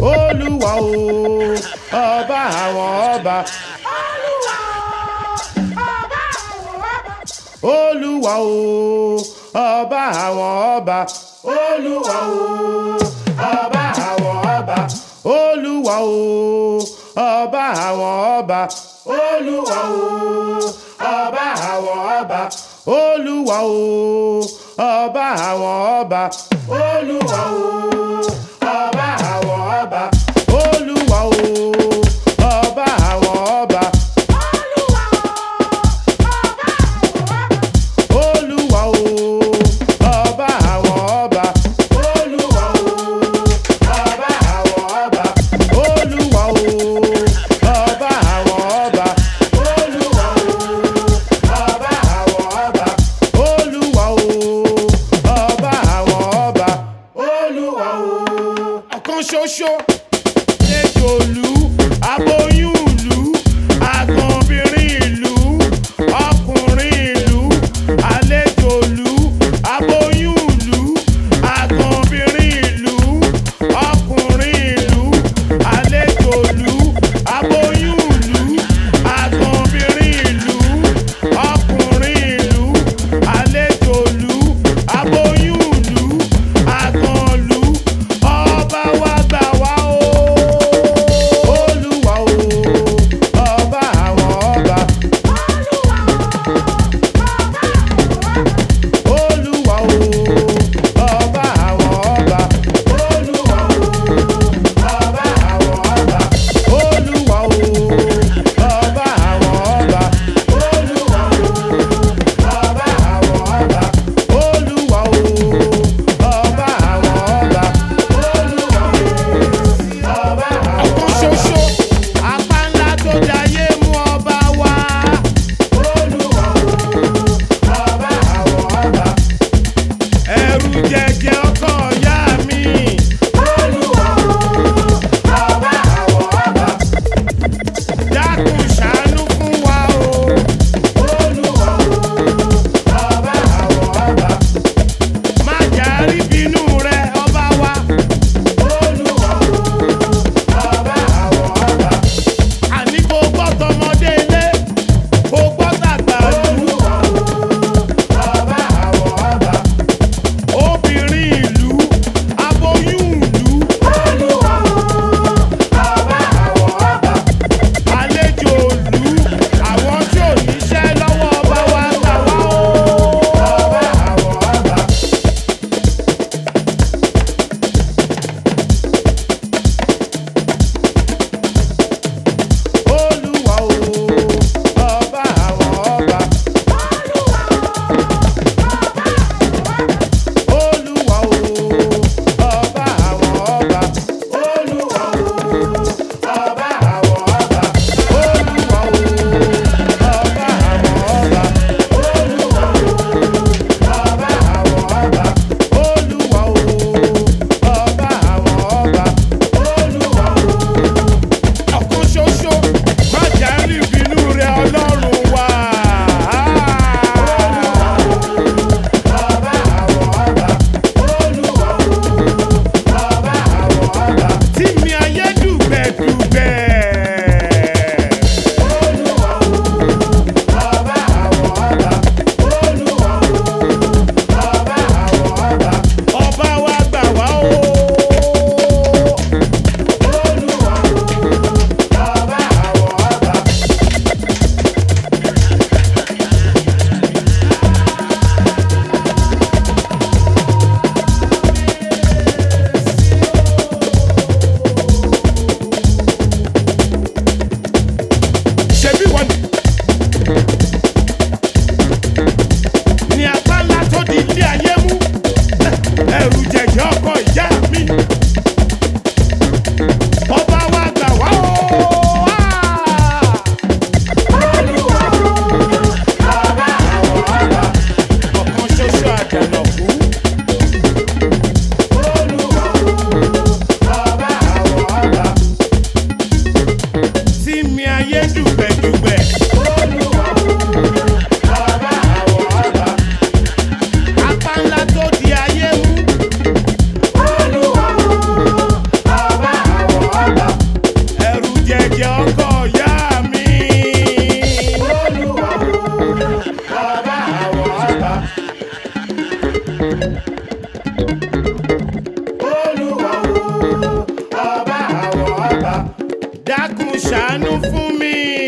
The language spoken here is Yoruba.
olúwa o ọba àwọn ọba. olúwa o ọba àwọn ọba. olúwa o ọba àwọn ọba. olúwa o ọba àwọn ọba. olúwa o ọba àwọn ọba. olúwa o ọba àwọn ọba. olúwa o. Bye bye. know fún mi.